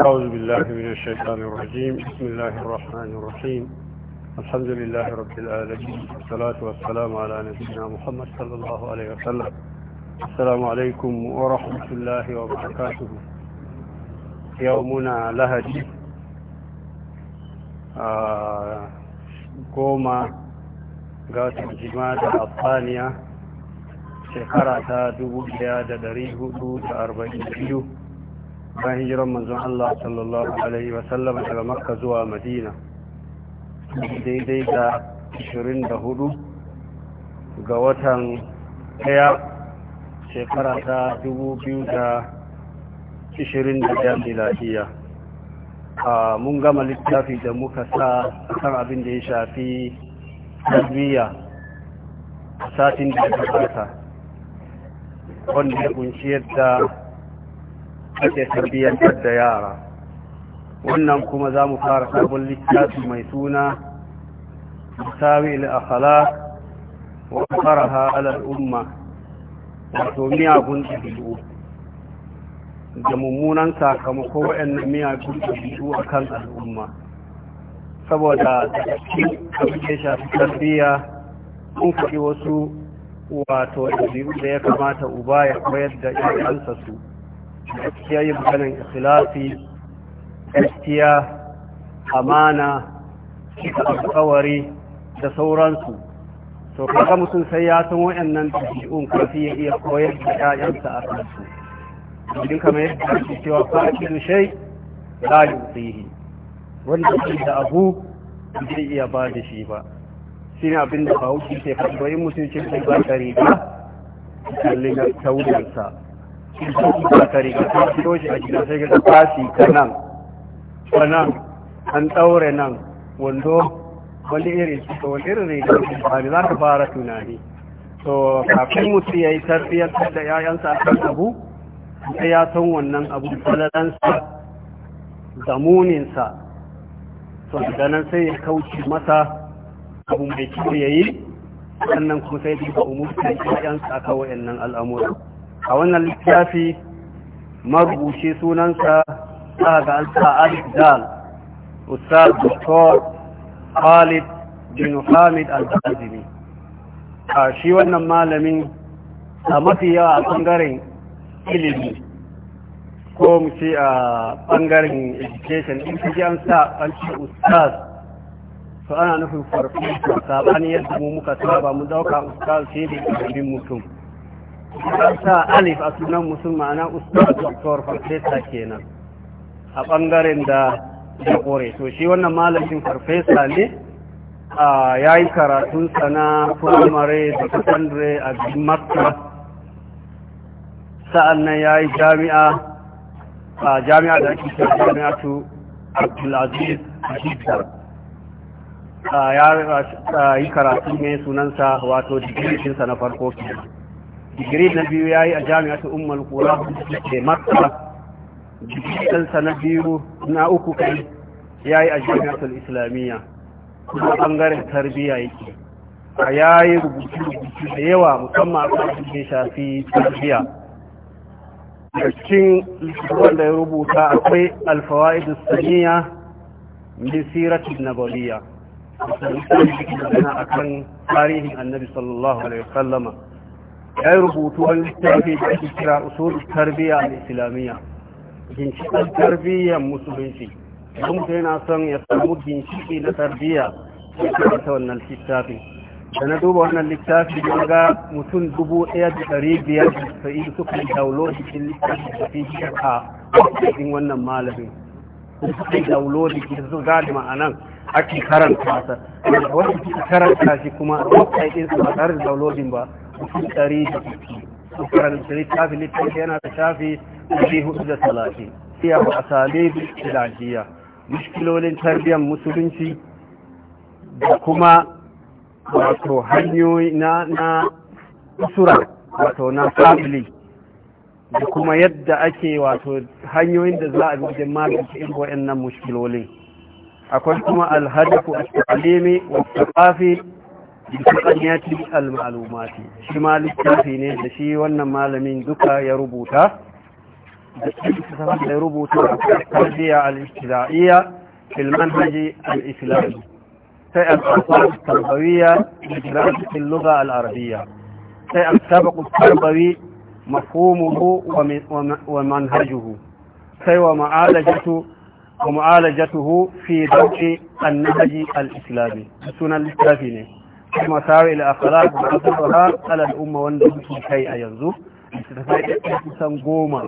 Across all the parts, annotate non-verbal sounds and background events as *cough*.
أعوذ بالله من الشيطان الرجيم بسم الله الرحمن الرحيم الحمد لله رب العالمين والصلاة والسلام على نبينا محمد صلى الله عليه وسلم السلام عليكم ورحمة الله وبركاته يومنا لهدي goma ga watan jima'a a tsaniya shekara ta 1442 bayan hijiran manzon Allah sallallahu alaihi wasallam daga makka zuwa madina daidai da 24 ga watan daya shekara ta 2025 miladiya mun gama littafi da muka sa kan abin da ya shafi tarbiyya a satin da ya wanda ya kunshi yadda ake tarbiyyantar da yara wannan kuma za mu fara sabon littafi mai suna musawi akhala wa faraha umma. wato miyagun ɗabi'u da mummunan sakamako waɗannan miyagun ɗabi'u a kan al'umma saboda da cikin shafi tarbiyya mun faɗi wasu wato ɗabi'u da ya kamata uba ya koyar da 'ya'yansa su gaskiya yin maganin ikhlasi gaskiya amana cika alkawari da sauransu to kaga mutum sai ya san wayannan ɗabi'un kafi ya iya koyar da ƴaƴansa a kansu domin kamar yadda ake cewa fa'idu shay la yusihi wanda shi da abu zai iya ba da shi ba shine abin da bahaushe ke faɗo in mutum ce ba ta riga kalli ga in sun ba ta riga ta fito shi a gida sai ga fashi ta nan ba nan an ɗaure nan wando wani irin su wani irin riga ba za ka fara tunani to kafin mutu ya yi tarbiyyar da yayansa a kan abu sai ya san wannan abu falalansa da muninsa to da nan sai ya kauce masa abu mai kyau ya yi sannan kuma sai ya duka umurta yayansa a kawai nan al'amuran a wannan littafi marubuci sunansa a ga alsa al dal ustaz doktor khalid bin hamid al-azimi a shi wannan malamin a mafi yawa a ɓangaren ilimi ko mu ce a bangaren education in ka ji an sa an ce ustaz to ana nufin farfisa saɓani yadda mu muka saba mu ɗauka ustaz shi ne a mutum an sa alif a sunan mutum ma'ana ustaz doktor farfesa kenan a ɓangaren da ya ƙore to shi wannan malamin farfesa ne a yayi karatun sana primary da secondary a makka sa'annan yayi jami'a a jami'a da ake kira jami'atu Abdulaziz Jidda a ya yi karatun ne sunansa wato jikin na farko kenan digiri na biyu ya yi a jami'atu ummul Kura, da makka digiri sa na biyu na uku kai ya yi a jami'atul islamiyya kuma bangaren tarbiyya yake a ya yi rubutu da yawa musamman a kan ke shafi tarbiyya da cikin littattafan da ya rubuta akwai alfawa'id saniya min siratin nabawiyya da misali da akan tarihin annabi sallallahu alaihi wasallama ya yi rubutu wani littafi da ake kira usul tarbiyya a islamiyya ginshikan tarbiyyar musulunci don mutum yana son ya samu ginshiki na tarbiyya ya karanta wannan littafi da na duba wannan littafi don ga mutum dubu ɗaya da ɗari biyar da sa'i suka yi daulodi cikin littafi da fi a cikin wannan malamin suka yi daulodi cikin su gane ma'anan ake karanta sa wanda suka karanta shi kuma a ɗin su ba tare da daulodin ba mutum ɗari da littafi littafi yana da shafi ɗari a tarbiyyar musulunci da kuma wato hanyoyi na usura wato na family da kuma yadda ake wato hanyoyin da za a bi wajen magance irin waɗannan muskilolin akwai kuma alhadafu at wa بتقنياتي المعلومات شي مالك كافي ني شي وانا دكا يا ربوتا يا التربية الابتدائية في المنهج الإسلامي في الأصول التربوية لدراسة اللغة العربية في السبق التربوي مفهومه ومنهجه في ومعالجته ومعالجته في ضوء النهج الإسلامي سنة الكافي masawi al-akhlaq da asbaha ala al-umma wanda suke kai a yanzu da ta kusan goma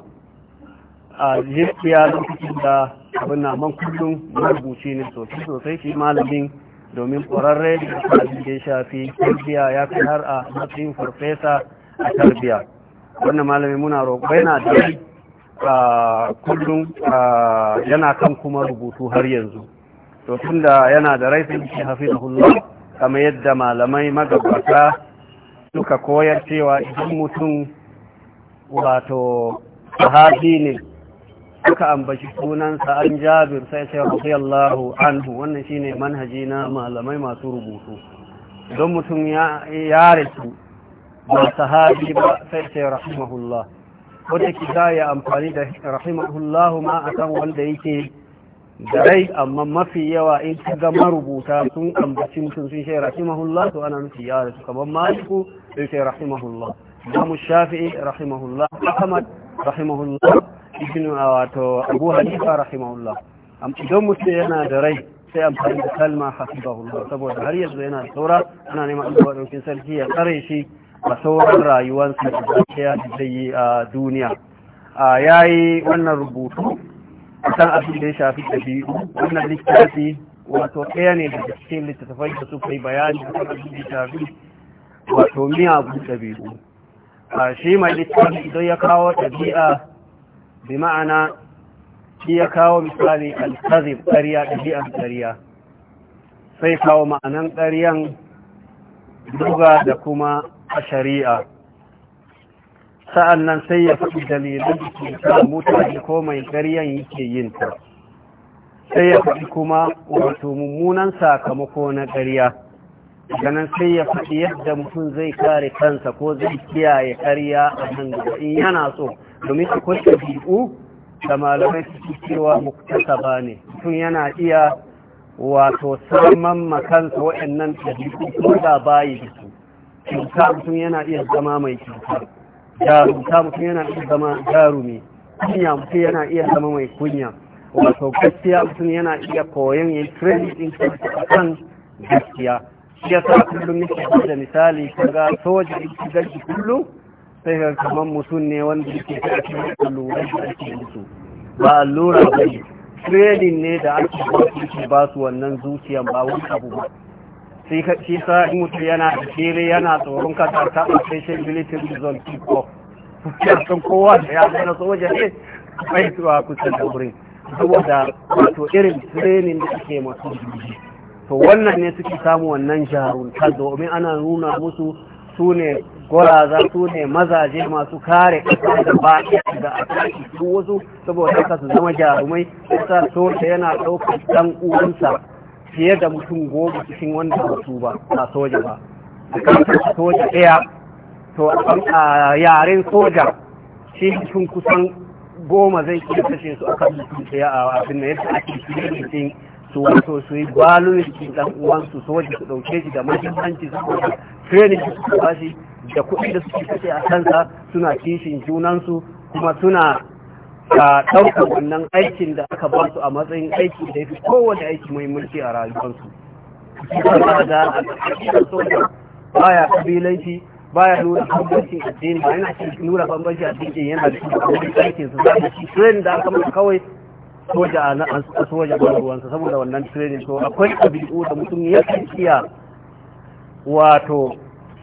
a gaskiya lokacin da abin na man kullum marubuci ne sosai sosai shi malamin domin ƙwararre da abin da ya shafi tarbiya ya kai har a matsayin farfesa a tarbiya wannan malamin muna roƙo yana da kullum yana kan kuma rubutu har yanzu to tun da yana da raifin shi hafi da hulun kama yadda malamai magabata suka koyar cewa idan mutum wato sahabi ne suka ambaci sunansa an jabir sai ce radiyallahu anhu wannan shine manhaji na malamai masu rubutu don mutum ya rasu ba sahabi ba sai ce rahimahullah wanda ki za ya amfani da rahimahullahu ma akan wanda yake da rai amma mafi yawa in ka ga marubuta sun ambaci mutum sun shi rahimahullah to ana nufi ya rasu kamar maliku sai sai rahimahullah imamu shafi'i rahimahullah ahmad rahimahullah ibn ah, wato abu hanifa rahimahullah idan mutum yana da rai sai amfani da kalma hasibahullah saboda har yanzu yana saura ana neman Allah ɗaukin sarki ya tsare shi a sauran rayuwarsa da zai yi a duniya ah, yayi wannan rubutu kusan abin da ya shafi ɗabi'u wannan littafi wato ɗaya ne da cikin littattafai da suka kai bayani kan abin da ya shafi wato miyagun ɗabi'u a shi mai littafi idan ya kawo ɗabi'a bi ma'ana shi ya kawo misali alkazib ƙarya ɗabi'ar ƙarya sai kawo ma'anan ƙaryan duba da kuma a shari'a sa'an nan sai ya faɗi dalilin da ke kan mutane ko mai ƙaryen yake yin ta sai ya faɗi kuma wato mummunan sakamako na ƙarya ganin sai ya faɗi yadda mutum zai kare kansa ko zai kiyaye ƙarya a nan gaba in yana so domin su akwai biyu da malamai su cewa ba ne mutum yana iya wato saman makansa waɗannan ɗabi'u ko da bayi da su mutum yana iya zama mai cuta ta mutum yana iya zama jarumi kunya mutum yana iya zama mai kunya wato gaskiya mutum yana iya koyon ya credit din kansa a kan gaskiya shi ya sa kullum ke da misali ga soja in ci gaji kullum sai ka kamar mutum ne wanda yake da cikin lura da ake musu ba allura ba ne training ne da ake ba su wannan zuciya ba wani abu ba shi sa in mutu yana da yana tsoron kasa ta ɓace shi militin zon kiko kusurkan kowa da ya zana soja ne bai zuwa kusa da wurin saboda wato irin training da suke masu jirgi to wannan ne suke samu wannan Ta domin ana nuna musu su ne gwaraza su ne mazaje masu kare ƙasa da ba da ataki su wasu saboda haka su zama jarumai kusa soja yana ɗaukar ɗan uwansa fiye da mutum goma cikin wanda ba su ba a soja ba a kasar soja ɗaya to a yaren soja shi mutum kusan goma zai iya kashe su a kan mutum ɗaya a abin da yadda ake fiye da cikin su wato su yi balon cikin ɗan uwansu soja su ɗauke shi da mahimmanci su ɗauke training su kuma bashi da kuɗi da suke kashe a kansa suna kishin junansu kuma suna Ka ɗauka wannan aikin da aka ba su a matsayin aiki da ya fi kowane aiki muhimmanci a rayuwarsu baya kabilanci baya nuna a addini ba yana nuna a addini yana da shi aikin su zai shi da aka mata kawai soja a soja ba ruwansa saboda wannan trenin to akwai ƙabilu da mutum ya iya wato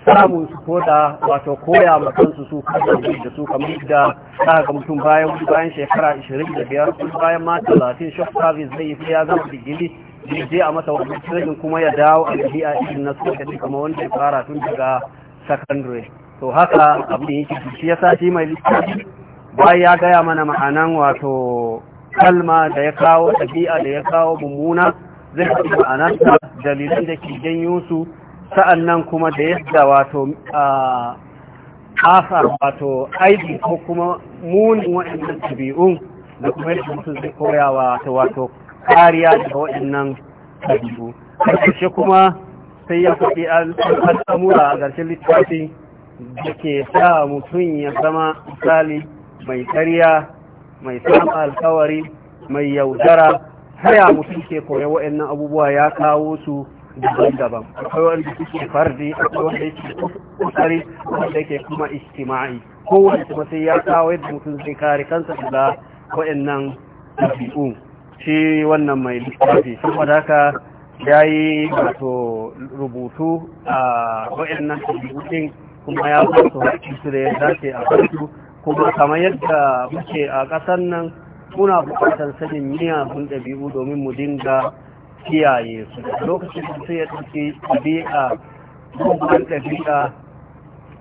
samun su koda wato koya ma kansu su kasance da su kamar da ta ga mutum bayan bayan shekara 25 bayan ma 30 shop service zai yi ya zama digili zai je a masa wani training kuma ya dawo a a irin na suka ne kamar wanda ya fara tun daga secondary to haka abin yake shi ya sa shi mai littafi bayan ya gaya mana ma'anan wato kalma da ya kawo tafiya da ya kawo mummuna zai faɗi ma'anarsa dalilan da ke janyo su sa'annan kuma da yadda wato a asar wato aiki ko kuma munin wa'annan ɗabi'un da kuma yadda mutum zai koya wato wato kariya daga waɗannan ɗabi'u a ƙarshe kuma sai ya faɗi al'amura a ƙarshen littafi da ke sa mutum ya zama misali mai ƙarya mai samun alkawari mai yaudara haya mutum ke koya waɗannan abubuwa ya kawo su daban-daban akwai wanda suke fardi akwai wanda yake kusari wanda yake kuma istima'i kowane kuma sai ya kawo yadda mutum zai kare kansa daga waɗannan ɗabi'u shi wannan mai littafi saboda ka ya yi wato rubutu a waɗannan ɗabi'u kuma ya ba haƙi su da ya dace a farko kuma kamar yadda muke a ƙasar nan muna buƙatar sanin miya sun ɗabi'u domin mu dinga kiyaye su lokacin da sai ya ɗauki ɗabi'a mummunan ɗabi'a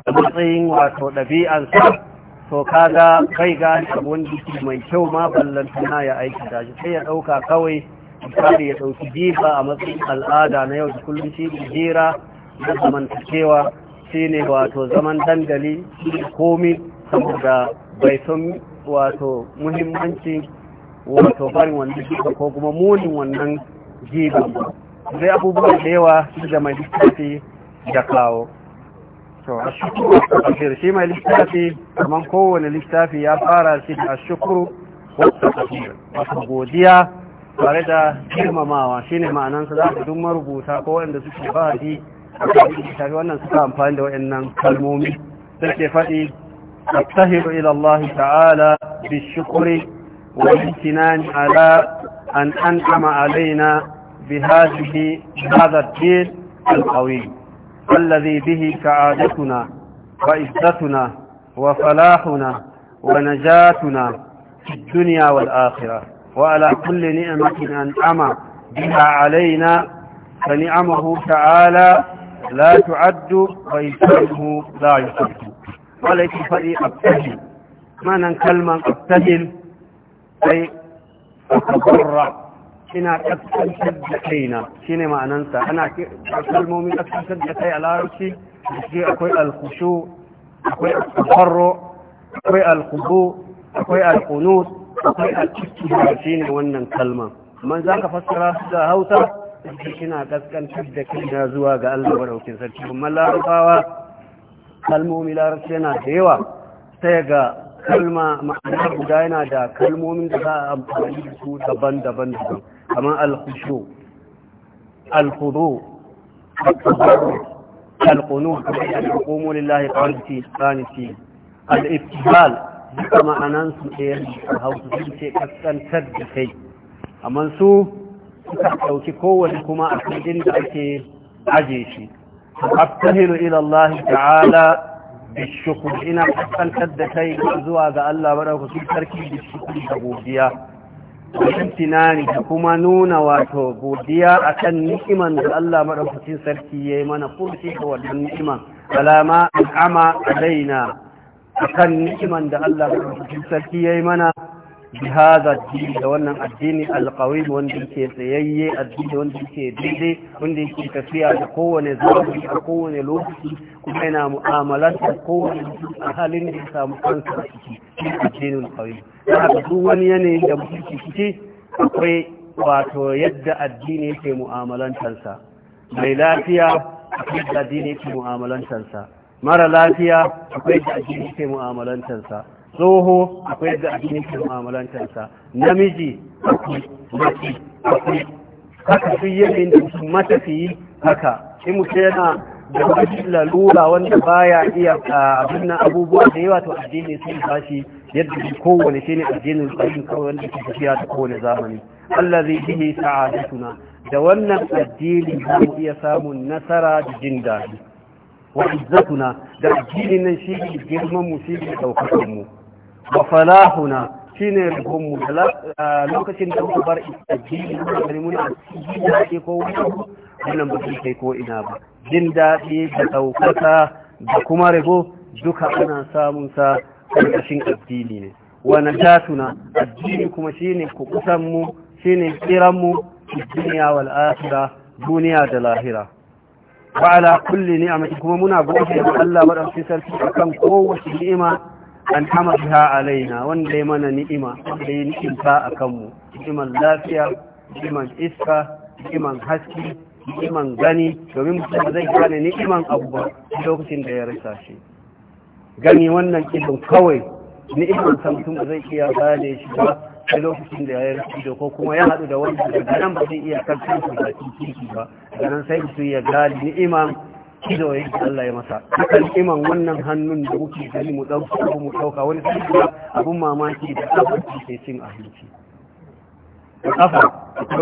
a matsayin wato ɗabi'ansa to kaga kai gane abun jiki mai kyau ma ballantana ya aiki da shi sai ya ɗauka kawai misali ya ɗauki jifa a matsayin al'ada na yau da kullum shi jira na zamantakewa shi ne wato zaman dandali komi saboda bai san wato muhimmanci wato barin wannan ko kuma munin wannan jibi zai abubuwan da yawa da mai littafi da kawo to a shukuru a shi mai littafi kamar kowane littafi ya fara shi a shukuru wasu godiya tare da girmamawa shine ma'anansa za su duk marubuta ko wanda suke ba a kan littafi wannan suka amfani da waɗannan kalmomi suke faɗi أبتهل إلى الله تعالى بالشكر والامتنان ala. أن أنعم علينا بهذه هذا الدين القويم الذي به سعادتنا وعزتنا وفلاحنا ونجاتنا في الدنيا والآخرة وعلى كل نعمة أنعم بها علينا فنعمه تعالى لا تعد وإنسانه لا يحب وليس فلي أبتهل معنى كلمة أبتهل أي tabarra kina kaskantar da kaina shine ma'anansa ana kalmomin kaskantar da kai a larabci shi akwai alkushu akwai alfarro akwai alkubo akwai alkunut akwai alkikiyar shi ne wannan kalma man za ka fassara su da hausa shi kina kaskantar da kaina zuwa ga allah baraukin sarki kuma larabawa kalmomi larabci yana da yawa sai ga kalma ma'ana guda yana da kalmomin da za a amfani da su daban-daban daban kamar al-khushu al da al-qunu al-qumu lillahi qanti qanti al-ibtihal duka ma'anan su ɗaya a hausa sun ce kaskantar da kai amma su suka ɗauki kowane kuma a kudin da ake aje shi abtahilu ila Allah ta'ala bishukuri ina kaskantar da kai zuwa ga Allah maɗaukaki sarki bishukuri da godiya wajen da kuma nuna wato godiya akan ni'iman da Allah maɗaukaki sarki ya yi mana kurci da wannan ni'iman alama al'ama alaina akan ni'iman da Allah maɗaukaki sarki ya yi mana بهذا الدين ده wannan addini alqawim wanda ke tsayayye addini wanda ke daidai wanda ke tafiya da kowane zamani a kowane lokaci kuma yana mu'amalar da kowane a halin da ya samu kansa a ciki addinin alqawim da haka duk wani yanayin da mutum ke ciki akwai wato yadda addini yake mu'amalantarsa mai lafiya akwai da addini yake mu'amalantarsa mara lafiya akwai da addini yake mu'amalantarsa tsoho akwai yadda addini ke mu'amalantarsa namiji akwai mace akwai haka duk yi da mutum matafiyi haka in mutum yana da wajen lalura wanda baya iya abin nan abubuwa da yawa to addini sun bashi yadda kowane shi ne addinin tsayin kawai wanda ke tafiya da kowane zamani Allah zai bihe sa'adatuna da wannan addini za mu iya samun nasara da jin daɗi wa izzatuna da addinin nan shi ne girman mu shi ne ɗaukakar mu wa falahuna shine rubun mu lokacin da muka bar addini muna gani muna da ake ko wani wannan ba kai ko ina ba jin daɗi da ɗaukaka da kuma rabo duka ana samun sa ƙarƙashin addini ne wa suna addini kuma shine kukusan mu shine tsiran mu duniya wal akhirah duniya da lahira wa ala kulli ni'amati kuma muna gode wa Allah madaukakin sarki akan kowace ni'ima an hama biha alaina wanda ya mana ni'ima wanda ya ni'imta a kanmu ni'imar lafiya ni'imar iska ni'imar haske ni'imar gani domin mutum zai gane ni'iman abu ba lokacin da ya rasa shi gani wannan idon kawai ni'iman sa ba zai iya gane shi ba sai lokacin da ya rasu da ko kuma ya haɗu da wani da nan ba zai iya karfin su da titi ba daga nan sai mutum ya gane ni'iman Kizo ya Allah ya masa kan iman wannan hannun da muke gani mu dauko mu dauka wani sabuwa abun mamaki da tabbata ke cin abinci kafa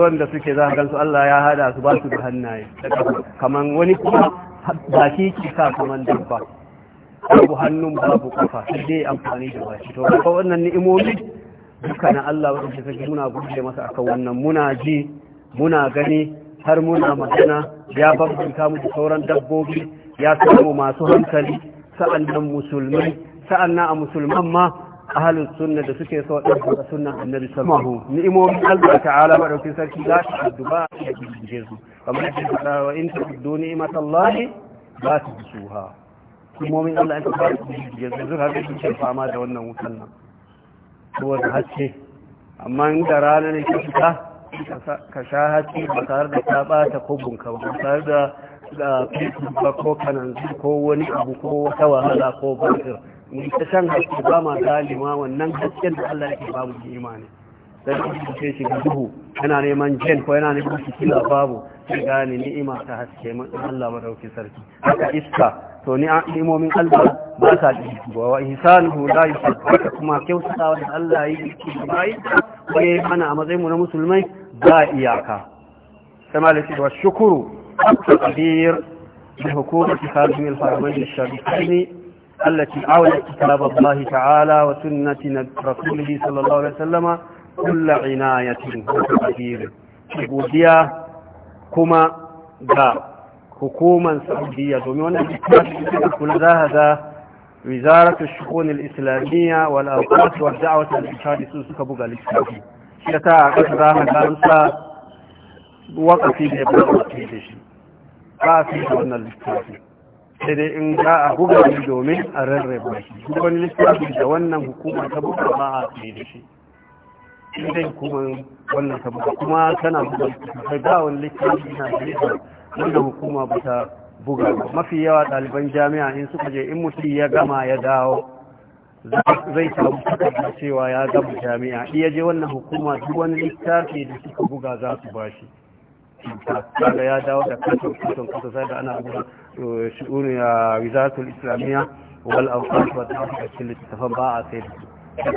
wanda suke za a su Allah ya hada su ba su da hannaye kaman wani kuma baki ki sa kaman dabba babu hannun babu kafa sai dai amfani da baki to ko wannan ni'imomi duka na Allah wanda suke muna gode masa akan wannan muna ji muna gani har muna magana ya bambanta mu da sauran dabbobi ya samu masu hankali sa'annan musulmai sa'annan a musulman ma ahalus sunna da suke so da sunna annabi sallallahu alaihi wasallam Allah ta'ala madaukin sarki za ta duba ya bijire su kamar yadda ta wa in tuddu ni'matallahi ba ta suha imomin Allah ta ba ta bijire su har da kike fama da wannan wutan nan saboda hacce amma in da rana ne ke kika ka sha haske ba tare da ta ɓata kubunka ba tare da da ba ko kananzu ko wani abu ko wata wahala ko basir mun ta shan haske ba ma galima wannan hasken da Allah yake ba mu imani dan shi ke shiga duhu yana neman jen ko yana neman shi fitila babu sai gane ni'ima ta haske mun Allah ma madauki sarki haka iska to ni imomin Allah ba sa ji wa ihsanuhu la yusabbu kuma kyautatawa da Allah yake bayi ko yayi mana a matsayin mu na musulmai ba كما لك والشكر التقدير لحكومة خادم الحرمين الشريفين التي أولت كتاب الله تعالى وسنة رسوله صلى الله عليه وسلم كل عناية وتقدير شبودية كما دا حكومة سعودية دوميون كل هذا وزارة الشؤون الإسلامية والأوقات والدعوة الإشارة سوسك بغالي ya ta a ƙasa za a gansa wakafi ne ba a fi da shi ba a fi da wannan littafi sai dai in za a buga ne domin a rarraba shi duk wani littafi da wannan hukuma ta buga ba a fi da shi in dai hukuma wannan ta buga kuma tana buga littafi ba wani littafi na da wannan hukuma ba ta buga mafi yawa ɗaliban jami'a in suka je in mutum ya gama ya dawo zai samu da cewa ya gama jami'a iya je wannan hukuma duk wani littafi da suka buga za su ba shi kaga ya dawo da kasar kusan kusa sai da ana buga eh, shi'un a wizatul islamiyya wal awqat wa ta'ala cikin littafan ba a sai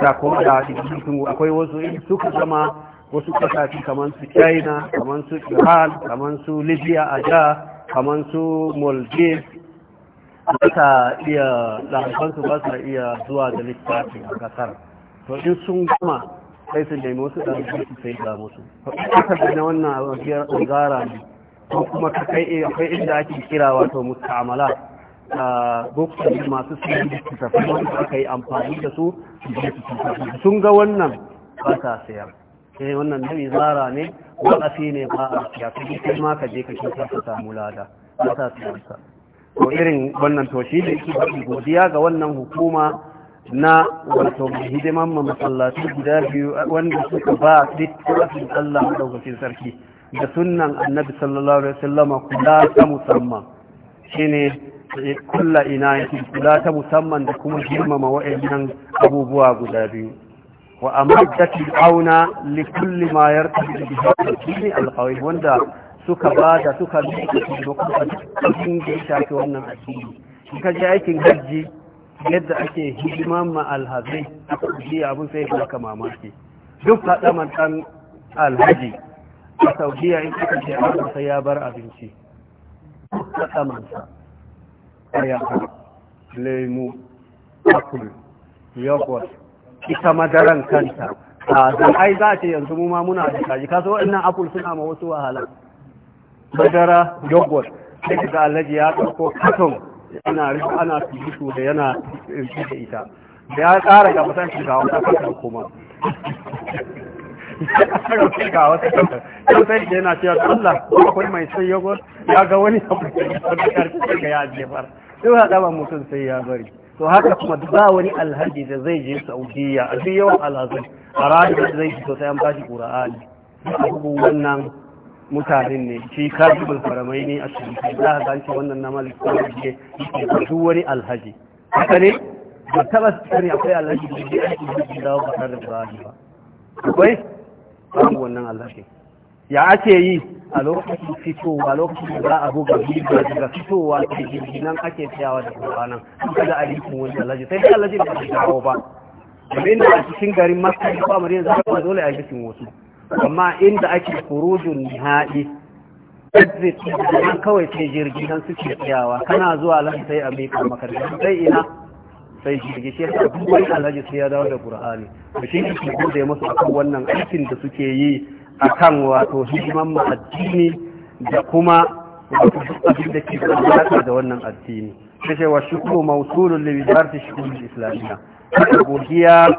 da kuma da cikin akwai wasu in suka zama wasu kasashe kamar su China kamar su Iran kamar su Libya a da kamar su Maldives ba iya ɗalibansu ba sa iya zuwa da littafi a kasar to in sun gama sai su nemi wasu ɗalibai su sai da musu to in aka gane wannan abin ɗangara ne ko kuma ka kai eh, akwai inda ake kira wato mutamala a bukutun masu tafi wani da aka yi amfani da su sun ga wannan ba sa sayar sai eh, wannan nabi zara ne wa'afi ne ba a siya kai ma ka je ka shi ka samu lada ba sa sayarsa to irin wannan to shi da yake faɗi godiya ga wannan hukuma na wato hidiman ma masallaci guda biyu wanda suka ba littafin Allah madaukakin sarki da sunnan annabi sallallahu alaihi wasallama kula ta musamman shine kulla ina yake kula ta musamman da kuma girmama wa'annan abubuwa guda biyu wa amadda auna li kulli ma yartabi bihi al wanda suka ba da suka miƙa taimakon a cikin da ya shafi wannan asiri suka ka ji aikin hajji yadda ake hidiman ma'alhazai a kuɗi abin sai ka ka mamaki duk haɗaman ɗan alhaji a saudiya in suka ce abin sai ya bar abinci duk haɗamansa ayaka lemu apple yogurt ita madaran kanta a zan ai za a ce yanzu mu ma muna da kaji kaso waɗannan apple suna ma wasu wahala madara yogurt sai kaga alhaji ya ɗauko katon ana rufe ana tuzu da yana rufe da ita da ya ƙara ga mutan shiga wata katon kuma ga wata katon yau sai da yana cewa Allah akwai mai sai yogurt ya ga wani abu da ya ƙarfi ga ya jefar sai ya ɗaba mutum sai ya bari to haka kuma ba wani alhaji da zai je saudiya a duk yawan alhazin a ranar da zai fito sai an ba shi ƙura'ani abubuwan nan mutanen ne shi kajibul faramai ne a shirkai za a ganci wannan na malik da duk wani alhaji haka ne ba taba sani akwai alhaji da ke aiki da ke dawo ba tare da ne ba akwai babu wannan alhaji ya ake yi a lokacin fitowa lokacin da za a buga bidiyo daga fitowa da nan ake tsayawa da kuma kada a yi kun wani alhaji sai alhaji da ke dawo ba domin da a cikin garin masu ba mu ne za a dole a yi bikin wasu amma inda ake furujun nihadi exit nan kawai sai jirgi nan suke tsayawa kana zuwa lan sai a mai makaranta sai ina sai jirgi shi yasa duk wani alhaji sai ya dawo da qur'ani to shi ne ke gode musu akan wannan aikin da suke yi akan wato hidiman addini da kuma wato duk abin da ke da da wannan addini sai wa shukru mawsulun li widarati shu'un islamiyya godiya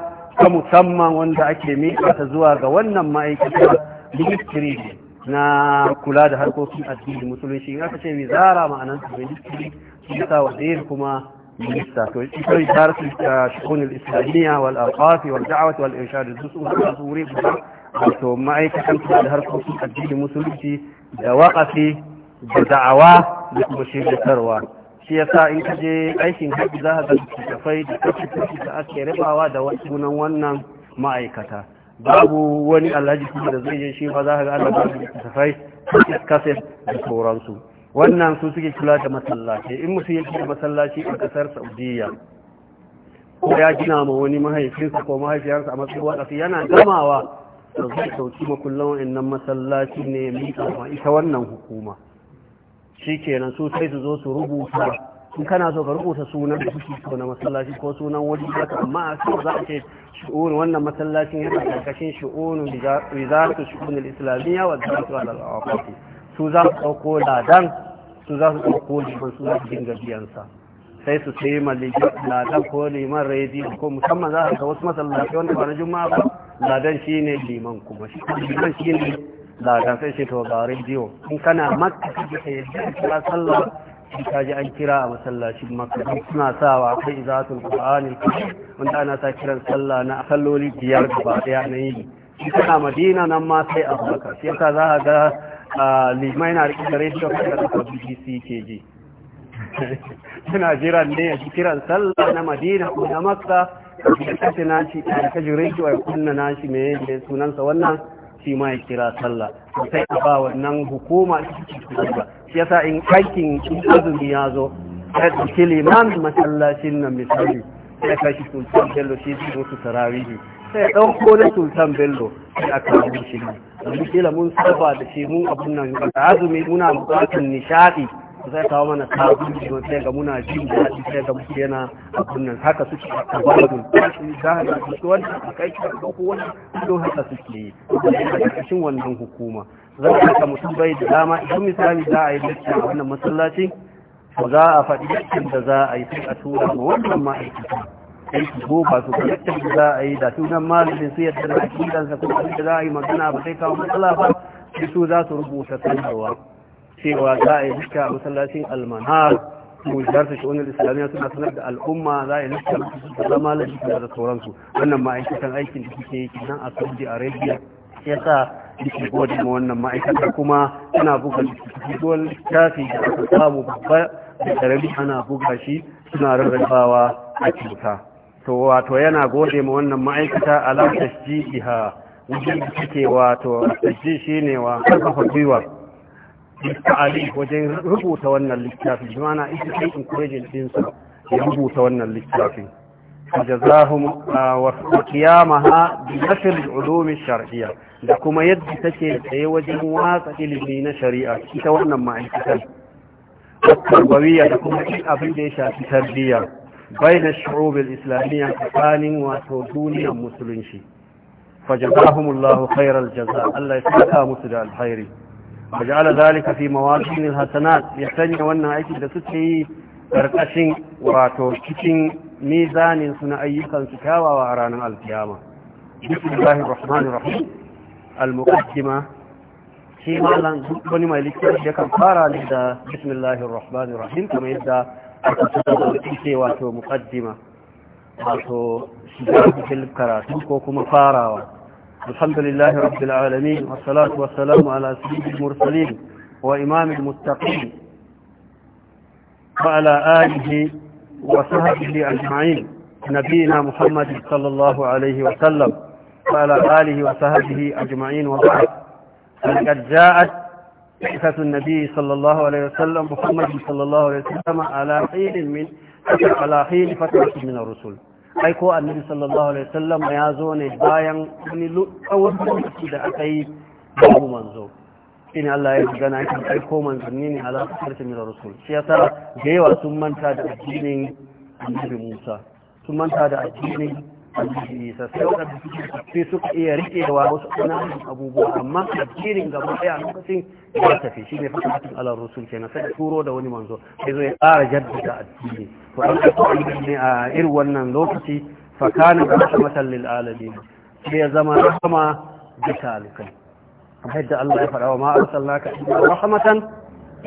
ta musamman wanda ake miƙa ta zuwa ga wannan ma'aikata ministry na kula da harkokin addini musulunci in aka ce zara ma'anan su ministry sun sa kuma minista to ita wizara su uh, ta shikunin islamiyya wal alfafi wal da'awat wal irshad da su su wuri guda wato ma'aikatan kula da harkokin addini musulunci da waƙafi da da'awa da kuma shirya shi ya sa in ka je aikin haji za a ga tafai da kafin da ake rabawa da sunan wannan ma'aikata babu wani alhaji da zai je shi ba za ka ga Allah su tafai kasir da sauransu wannan su suke kula da masallaci in mutum yake da masallaci a kasar Saudiya ko ya gina ma wani mahaifinsa ko mahaifiyarsa a matsayin yana gamawa da zai makullan wa'annan masallaci ne mika ma ita wannan hukuma shi kenan su sai su zo su rubuta in kana so ka rubuta sunan da kuke so na masallaci ko sunan wani zaka amma a so za a ce shi'un wannan masallacin yana karkashin shi'un wizaratu shi'un al-islamiyya wa zaratu al-awqati su za su dauko ladan su za su dauko liman su za su dinga biyan sa sai su sai malikin ladan ko liman rediyo ko musamman za a ga wasu masallaci wanda ba na juma'a ba ladan shine liman kuma shi liman shine ladan sai ce to ga rediyo in kana makka ka ji ka yadda kira sallah in ka ji an kira a masallacin makka suna sawa akwai izatul qur'ani wanda ana sa kiran sallah na salloli biyar gaba daya na yi in kana madina nan ma sai a makka sai ka za ka ga limai na rikin rediyo kan da bbc ke ji *laughs* suna jiran ne a kiran sallah na madina ko na makka da kace nashi da kaji rediyo ya kunna nashi me sunansa wannan shi ma ya kira sallah sai a ba wannan hukuma ba shi yasa in aikin azumi ya zo ya ɗauki man masallacin nan misali ya shi sultan bello shi zai su tarawihi sai ɗan na sultan bello sai a kawo shi ne kila mun saba da shi mun abun nan azumi muna buƙatar nishaɗi zai kawo mana sabon jiyo sai ga muna jin da haɗi sai ga muke yana a kunnan haka suke a tabbatun su zahara su suke wani a kai shi a ko wani ɗin haka suke yi a ƙarƙashin wannan hukuma zan haka mutum bai da dama idan misali za a yi lakcin a wannan masallaci, ko za a faɗi lakcin da za a yi sai a tura ma wannan ma'aikata aiki ko ba su lakcin da za a yi da sunan malamin su yadda da akidansa ko kuma da za a yi magana ba sai kawo matsala ba sai su za su rubuta sanarwa cewa za a yi duka a masallacin almanar mujar ta shi'unar islamiyya suna sanar da al'umma za a yi duka da zama lafiya da sauransu wannan ma'aikatan aikin da suke yi nan a saudi arabia ya sa duk godin wannan ma'aikata kuma suna buga dole shafi da aka samu babba da karami ana buga shi suna rarrabawa a cuta to wato yana gode ma wannan ma'aikata ala tashjiha wajen da suke wato tashji ne wa karfafa gwiwa Ali wajen rubuta wannan littafi bi mana ita sai encouraging din ya rubuta wannan littafi jazahum ah, wa qiyamaha bi nashr al-ulum shariyya da kuma yadda take tsaye wajen watsa ilimi na shari'a ita wannan ma'aikatan tarbawiyya da kuma abin da ya shafi tarbiyya bayan ash-shu'ub al-islamiyya tsakanin wato duniyar musulunci fajazahumullahu khairal jaza Allah ya saka musu da alkhairi وجعل ذلك في مواطن الحسنات يحتني وانا ايكي da suke yi karkashin wato cikin mizanin suna ayyukan su kyawawa a ranar alkiyama bismillahir rahmanir rahim al-muqaddima shi malan wani mai likitar da kan fara ne da bismillahir rahmanir rahim kamar yadda aka tsada da ce wato muqaddima wato shiga karatu ko kuma farawa الحمد لله رب العالمين والصلاة والسلام على سيد المرسلين وإمام المتقين وعلى آله وصحبه أجمعين نبينا محمد صلى الله عليه وسلم وعلى آله وصحبه أجمعين وبعد لقد جاءت بعثة النبي صلى الله عليه وسلم محمد صلى الله عليه وسلم على حين من على حين فترة من الرسل aiko annabi sallallahu alaihi wasallam ya zo ne bayan wani lokacin da aka yi babu manzo shine Allah ya gana ya aiko manzanni ne ala sarki min rasul shi yasa da yawa sun manta da addinin annabi Musa sun manta da addinin annabi Isa sai da su suka iya da wasu ƙananan abubuwa amma addinin gaba ɗaya a lokacin ya tafi shine fasatin ala rasul kenan sai turo da wani manzo sai zo ya ƙara jaddada addini to an ɗauko ne a irin wannan lokaci fa kana rahmatan lil alamin sai ya zama rahama ga talukan. kamar yadda Allah ya faɗa wa ma arsalnaka illa rahmatan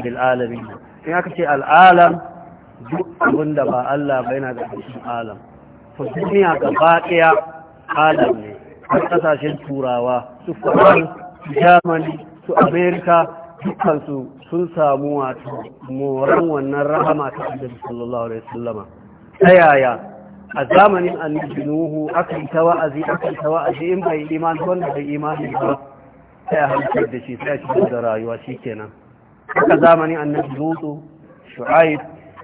lil alamin in aka ce al'alam duk abin da ba Allah ba yana da cikin alam to duniya gaba ɗaya alam ne a ƙasashen turawa su faran su Jamani, su america dukansu sun samu wato moran wannan rahama ta annabi sallallahu alaihi wasallama ta yaya a zamanin annabi nuhu aka yi ta wa'azi aka yi ta wa'azi in bai imani wanda bai imani ba sai a hankali da shi sai a cikin da rayuwa shikenan haka zamanin annabi lutu shu'aib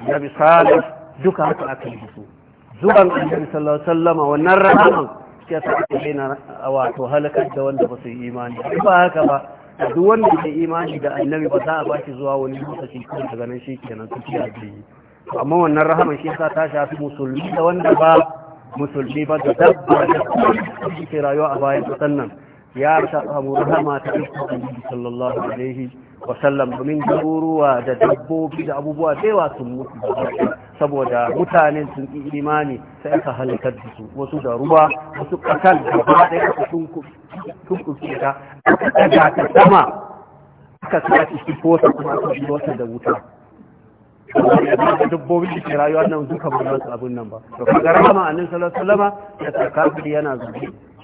nabi salih duka haka aka yi su zuban annabi sallallahu alaihi wasallama wannan rahama sai ta aka yi wato halakar da wanda ba su yi imani ba haka ba duk wanda ke imani da annabi ba za a ba shi zuwa wani lokaci kan daga nan shi kenan su a ajiyi amma wannan rahaman shi ta shafi musulmi da wanda ba musulmi ba da dabba da kuma ke rayuwa a bayan sannan ya samu rahama ta ɗaukar sallallahu alaihi wasallam domin jaruruwa da dabbobi da abubuwa da yawa sun mutu saboda mutanen sun yi imani sai aka halittar da su wasu da ruwa wasu kasan da ba da ya sun kusurce ta aka daga ta sama aka ta shi fota kuma aka yi wata da wuta dabbobi da ke rayuwa nan duka ba za su abin nan ba to kaga rama annabi sallallahu da kafiri yana zuwa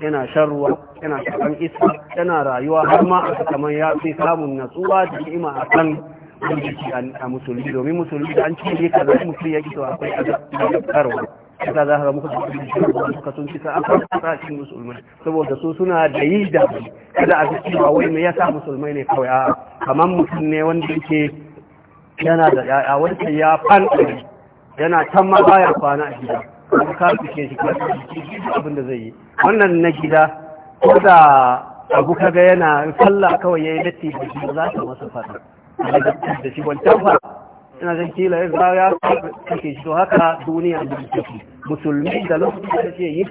yana shan ruwa yana shakan isa, yana rayuwa har ma a kaman ya fi samun natsuwa da ni'ima a kan a musulmi domin musulmi da an ci ne zai musulmi ya kisa akwai azabtarwa kaza za ka muka da shirin suka sun kisa an a cikin musulmai saboda su suna da yi da kada a ci cewa wai me yasa musulmai ne kawai a kamar mutum ne wanda yake yana da ya'ya wanda ya fanta yana can ma baya kwana a gida wani kafin ke shi abin da zai yi wannan na gida ko da abu kaga yana sallah kawai yi datti da shi za ta masa da shi wancan ina zan kila ya za ya kake shi to haka duniya da musulmi da lokacin da ce yi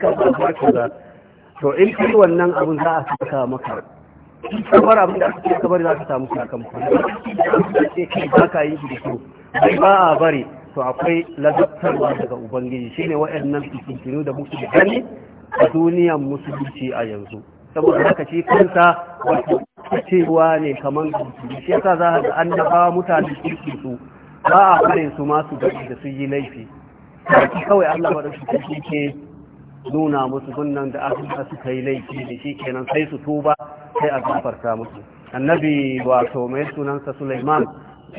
a ba bari to akwai ladabtarwa daga ubangiji shine waɗannan fitintinu da muke gani a duniyan musulunci a yanzu saboda haka shi kansa wato cewa ne kamar shi yasa za a ga annaba mutane kirki su ba a kare su masu gari da su yi laifi kawai Allah ba da su ke nuna musu gunnan da aka suka yi laifi da shi kenan sai su tuba sai a gafarta musu annabi wato mai sunansa Sulaiman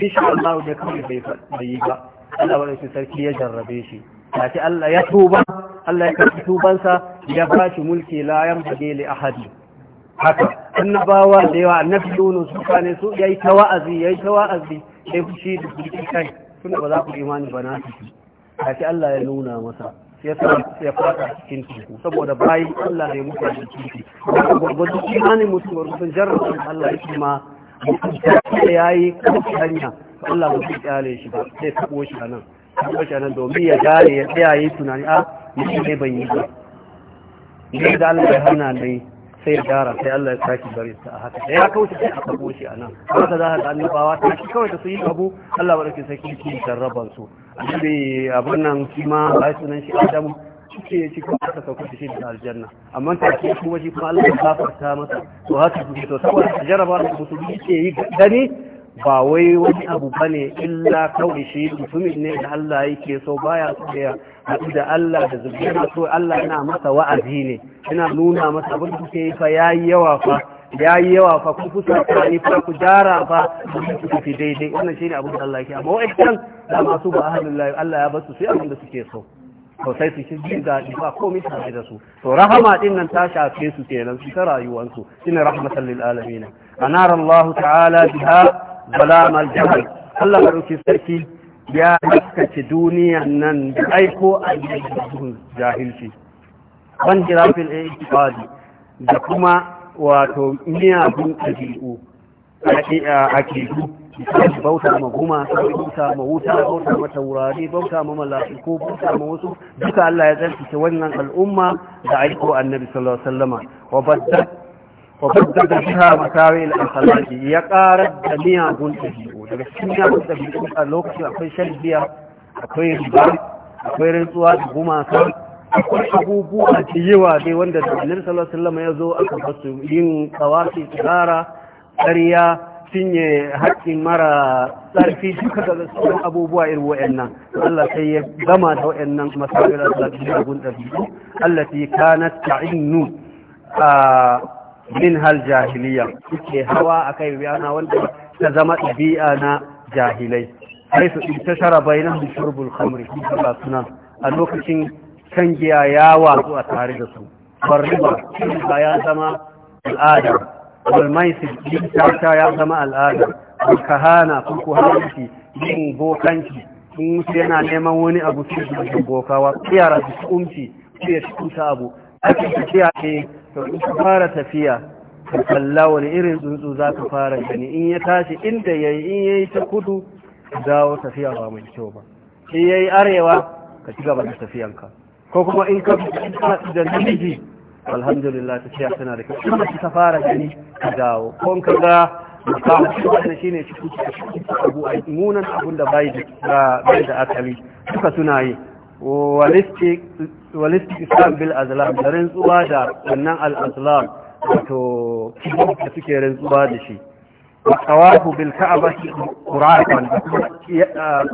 insha Allah da kawai bai yi ba Allah wani shi sarki ya jarrabe shi tafi Allah ya tuba Allah ya karfi tubansa ya shi mulki layan yambage li ahadi haka annabawa da yawa annabi Yunus suka ne su yi ta wa'azi yi ta wa'azi fi fushi da fushi kai suna ba za ku imani ba na su tafi Allah ya nuna masa ya ya fata cikin teku saboda bayan Allah ne muka da ciki gwargwadon imanin mutum gwargwadon jarrabin Allah ya kuma ya yi kawai hanya Allah ba zai kyale shi ba zai tabo shi nan tabo shi nan domin ya gane ya tsaya yi tunani a ah, mutum ne ban yi ba ne da Allah ya hana ne sai ya gyara sai Allah ya saki bari ta a haka da ya kauce sai a tabo shi nan haka za a ga annabawa ta shi kawai da su yi abu Allah ba da ke saki ki jarraban su annabi abin nan kima ba sunan shi Adamu suke ya kuma aka sauka da shi da aljanna amma ta ke kuma shi kuma Allah ya kafarta masa to haka su to saboda jaraba da yi ke yi gani ba wai wani abu bane illa kawai shi mutumin ne da Allah yake so baya so ya haɗu da Allah da zubiya so Allah yana masa wa'azi ne yana nuna masa abin da suke yi fa ya yi yawa fa Ya yi yawa fa ku kusa ni fa ku jara fa ku fi daidai wannan ne abin da Allah yake amma wa'annan da masu ba ahlullahi Allah ya basu su sai abin da suke so to sai su shi daɗi ba komai tare da su to rahama din nan ta shafe su kenan su ta rayuwansu shine rahmatan lil alamin anar Allah ta'ala biha wala maljamal Allah ɗauki sarki ya haskace duniyan nan da aiko a yin jahilci ban jirafin a ikibadi da kuma wato miyagun ɗabi'u a kidu misali bauta ma goma, bauta ma wuta bauta ma taurari bauta ma mala'iku bauta ma wasu duka Allah ya zartace wannan al'umma da aiko annabi sallallahu alaihi wasallama wa badda وبدد بها مساوي الأخلاق يقارد جميع قول تبيعه لكن جميع قول تبيعه لوكشي أكوي شلبية أكوي ربار أكوي رنسوات بماسا akwai abubuwa da yawa dai wanda da annabi sallallahu alaihi wasallam ya zo aka fasu yin tsawafi tsara ƙarya cinye haƙƙin mara tsarfi duka daga sauran abubuwa irin wa'annan Allah sai ya gama da wa'annan masarar da gun ɗabi'u allati ta'innu min hal jahiliya suke hawa a kai biyana wanda ta zama ɗabi'a na jahilai sai su ta shara bayanan shurbul khamri ba suna a lokacin kan giya ya watsu a tare da su barriba ba ya zama al'ada walmaisi yin tata ya zama al'ada kahana ko kuhanci yin bokanci in mutu yana neman wani abu su yin bokawa tsiyara su umci su ya abu ake tafiya ne to in ka fara tafiya ka kalla wani irin tsuntsu za ka fara gani in ya tashi inda ya yi in ya yi ta kudu dawo tafiya ba mai kyau ba in ya yi arewa ka ci gaba da tafiyanka ko kuma in ka fi da namiji alhamdulillah tafiya tana da kyau in ka fara gani ka dawo ko in ka ga makamu shi wannan shine shi kuke abu a munan abun da bai da akali duka suna yi islam bil azlam da rintsuwa da wannan al'azlam wato kibin da suke rintsuwa da shi kawafu bil ka'aba kuratan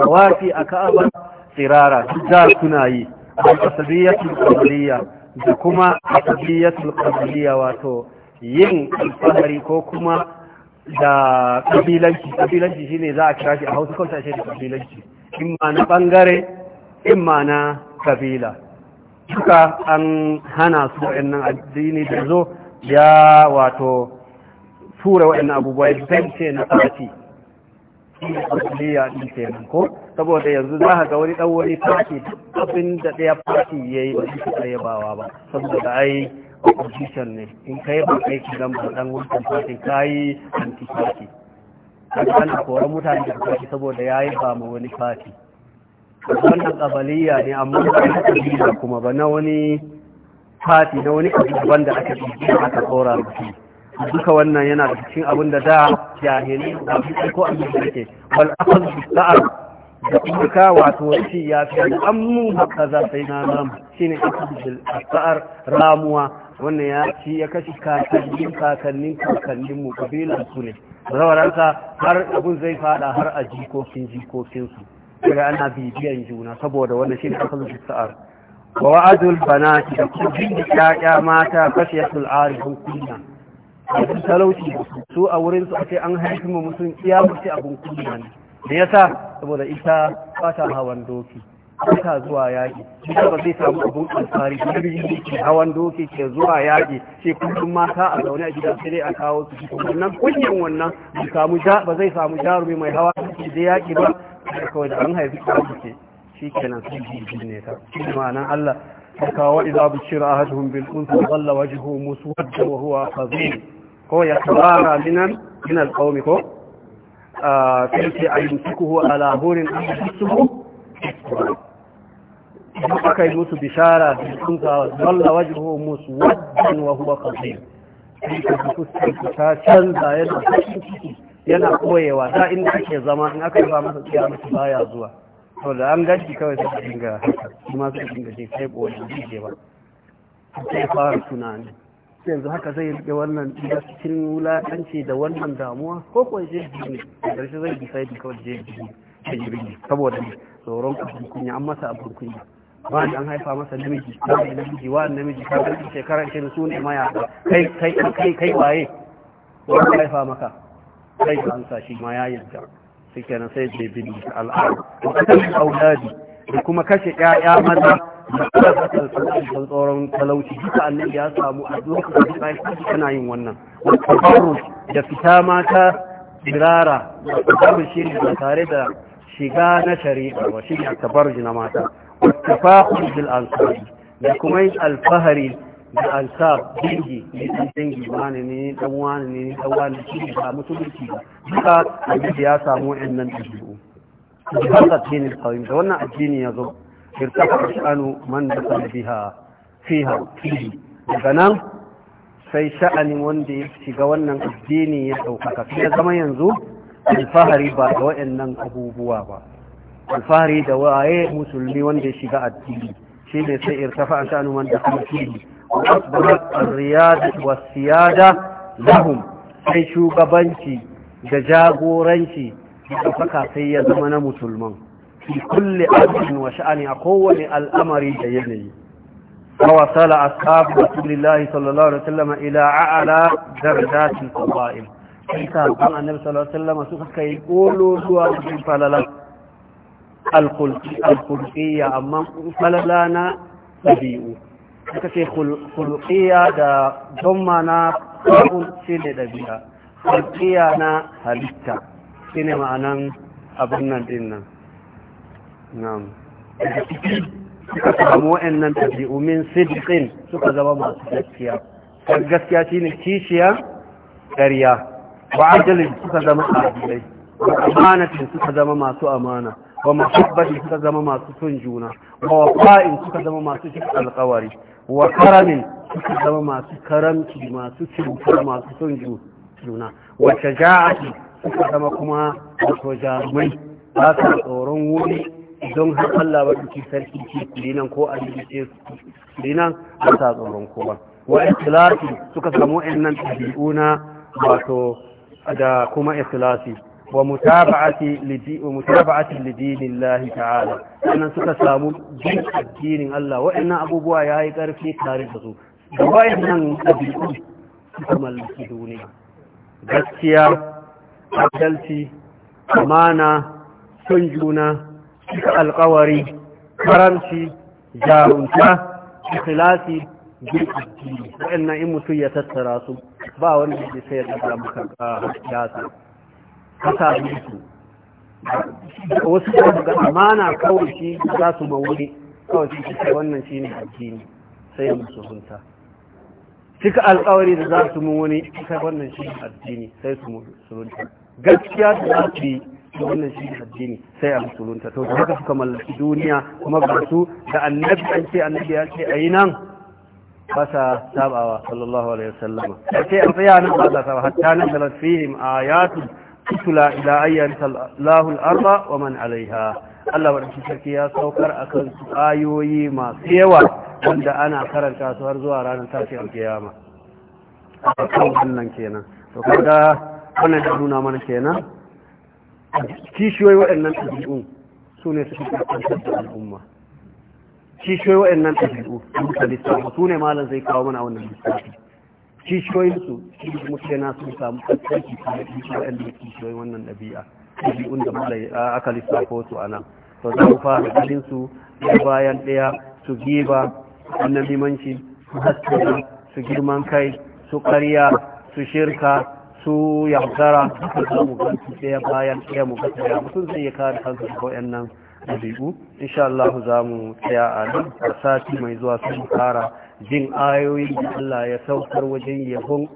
kawafi a ka'aba tsirara su da suna yi a asabiyyatul qabliya da kuma asabiyyatul qabliya wato yin alfahari ko kuma da kabilanci kabilanci shine za a kira shi a hausa kawai sai da kabilanci in ma na bangare ma na kabila duka an hana su waɗannan addini da zo ya wato tura waɗannan abubuwa ya ce na ya ɗin kenan ko saboda yanzu za ka ga wani ɗan wani tsaki abin da ɗaya fati ya yi wani su ɗaya bawa ba saboda ai opposition ne in kai ba kai ki zan ba ɗan wancan tsaki ka yi anti fati ana koran mutane da kaki saboda ya yi ba wani fati wannan kabaliya ne amma ba na kabila kuma ba na wani fati na wani kabila da aka ɗauki aka tsora da duka wannan yana da cikin abin da da jahili da su ko abin da yake wal akhadh bi da duka wato shi ya fi da ammu haka za sai na ram shine akhadh bil ramuwa wannan ya ci ya kashe kakannin kakannin kakannin mu kabilan su ne rawaransa har abun zai fada har a jikokin jikokinsu. daga ana bibiyan juna saboda wannan shi ne asalin sa'ar wa wa'adul banati da kujin da ƴaƴa mata fasiyatul arifin kunya abin talauci su a wurin su ake an haifi mu mutum iya mutu abin kunya ne da yasa saboda ita ba ta hawan doki ba ta zuwa yaƙi ita ba zai samu abin alfari jirgin ke hawan doki ke zuwa yaƙi ce kullum mata a zaune a gida sai dai a kawo su wannan kunyan wannan ba zai samu jarumi mai hawa da yaƙi ba sai kawai da an haifi ta ce shi kenan sun ji ne ta shi ma'anan Allah haka kawo idza bushira ahaduhum bil unsa dhalla wajhuhu muswaddan wa huwa qadhim ko ya tabara minan min al qawmi ko a a kace ayyukuhu yi hurin ahadisuhu idan aka yi musu bishara bil unsa dhalla wajhuhu muswaddan wa huwa qadhim sai ka fuskar ta canza yadda yana cikin yana koyewa za inda ake zama in aka yi ba masa tsaya masa baya zuwa da an gashi kawai sai dinga kuma sai dinga je kai a dije ba sai fara tunani yanzu haka zai rike wannan cikin wulaƙanci da wannan damuwa ko kuwa je ne da ƙarshe zai bi sai kawai je ne ta rigi saboda tsoron abin kunya an masa abin kunya ba da an haifa masa namiji ba da namiji wa namiji ka ga shekarar shi su ne maya kai kai kai waye wa haifa maka sai da amsa shi ma ya yarda shi kenan sai da bin al'ada da auladi da kuma kashe ƴaƴa maza da kasar sun tsoron talauci duka annabi ya samu a lokacin da ya kana yin wannan wata da fita mata birara da tabar shiri ba tare da shiga na shari'a ba shi ne tabar na mata wata fa'ul bil ansari da kuma yin alfahari da ansar dangi ne dan dangi wani ne dan wani ne dan wani shi ba musulunci ba duka annabi ya samu wa'annan dabi'u da addinin kawai da wannan addini ya zo irtafa shanu man da ta biha fiha fihi daga nan sai sha'anin wanda ya shiga wannan addini ya ɗaukaka sai ya zama yanzu alfahari ba da wa'annan abubuwa ba alfahari da waye musulmi wanda ya shiga addini shi ne sai irtafa shanu man da dakala fihi وأصبحت الريادة والسيادة لهم sai shugabanci da jagoranci da faka sai ya zama na musulman fi kulle abin wa a kowane al'amari da yanayi kawa sala ashabu rasulillahi sallallahu alaihi wasallam ila a'ala darajatil qabail sai sabon annabi sallallahu alaihi wasallam suka kai kolo zuwa cikin falala na tabi'u suka ce hulƙiya da domma na ƙarfin shi ne ɗabi'a hulƙiya na halitta shi ne ma'anan abin nan ɗin nan nan suka samu wa'annan ɗabi'u min sidikin suka zama masu gaskiya kan gaskiya shi ne kishiya ƙarya wa ajalin suka zama ajiyai wa amanatin suka zama masu amana wa mahabbatin suka zama masu son juna wa wafa'in suka zama masu cikin alƙawari wa karamin suka zama masu karamci masu cinta masu son juna wacce shaja'ati suka zama kuma wato jarumai ba su tsoron wuri don har Allah ba sarki ce linan ko a yi ce linan ba sa tsoron kowa wa ikhlasi suka samu wa'annan biyu na wato da kuma ikhlasi ومتابعه لدين الله تعالى ان suka samu din addinin Allah wa'annan abubuwa yayi karfi tare da su wa'annan addini kamar kiduni gaskiya adalci amana son juna alqawari karanci jarunta ikhlasi din addini wa'annan in mutum ya tattara su ba wani da sai ah, ya tsaya muka ga Kasa same su wasu kuma ga amana kawai shi za su mawuri kawai shi ce wannan shi ne addini sai ya musu hunta cika alkawari da za su mu wani cika wannan shi ne addini sai su musulunta gaskiya da za su yi da wannan shi ne addini sai a musulunta to da haka suka mallaki duniya kuma ba su da annabi an ce annabi ya ce a yi nan ba sa sabawa sallallahu alaihi wasallama sai an tsaya nan ba sa saba hatta nan da lafihim ayatun tutula ila ayyanta lahul arba wa man alaiha Allah wadda sarki ya saukar a kan ayoyi masu yawa wanda ana karanta su har zuwa ranar tashi alkiyama a kan wannan kenan kishiyoyi waɗannan ɗabi'un su ne su fi ƙarfin da al'umma kishiyoyi waɗannan ɗabi'u su ne malam zai kawo mana wannan lissafi kishiyoyinsu shi mutane sun samu tsarki kuma kishiyoyin da kishiyoyin wannan ɗabi'a ɗabi'un da malai aka lissafo su a nan to za mu fara ganin su ɗaya bayan ɗaya su giba wannan limanci su haskara su girman kai su ƙarya su shirka su yaudara duka za mu su ɗaya bayan ɗaya mu ga mutum zai iya kare kansa daga nan ɗabi'u insha Allah za mu tsaya a nan a sati mai zuwa sun fara jin ayoyin da Allah ya saukar wajen yabon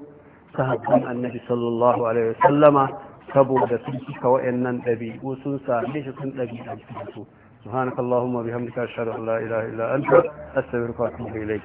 sahabban annabi sallallahu alaihi wasallama saboda sun cika wa'annan ɗabi'u sun same shi sun ɗabi'antu su subhanakallahumma bihamdika ashhadu an la ilaha illa anta astaghfiruka wa atubu ilayk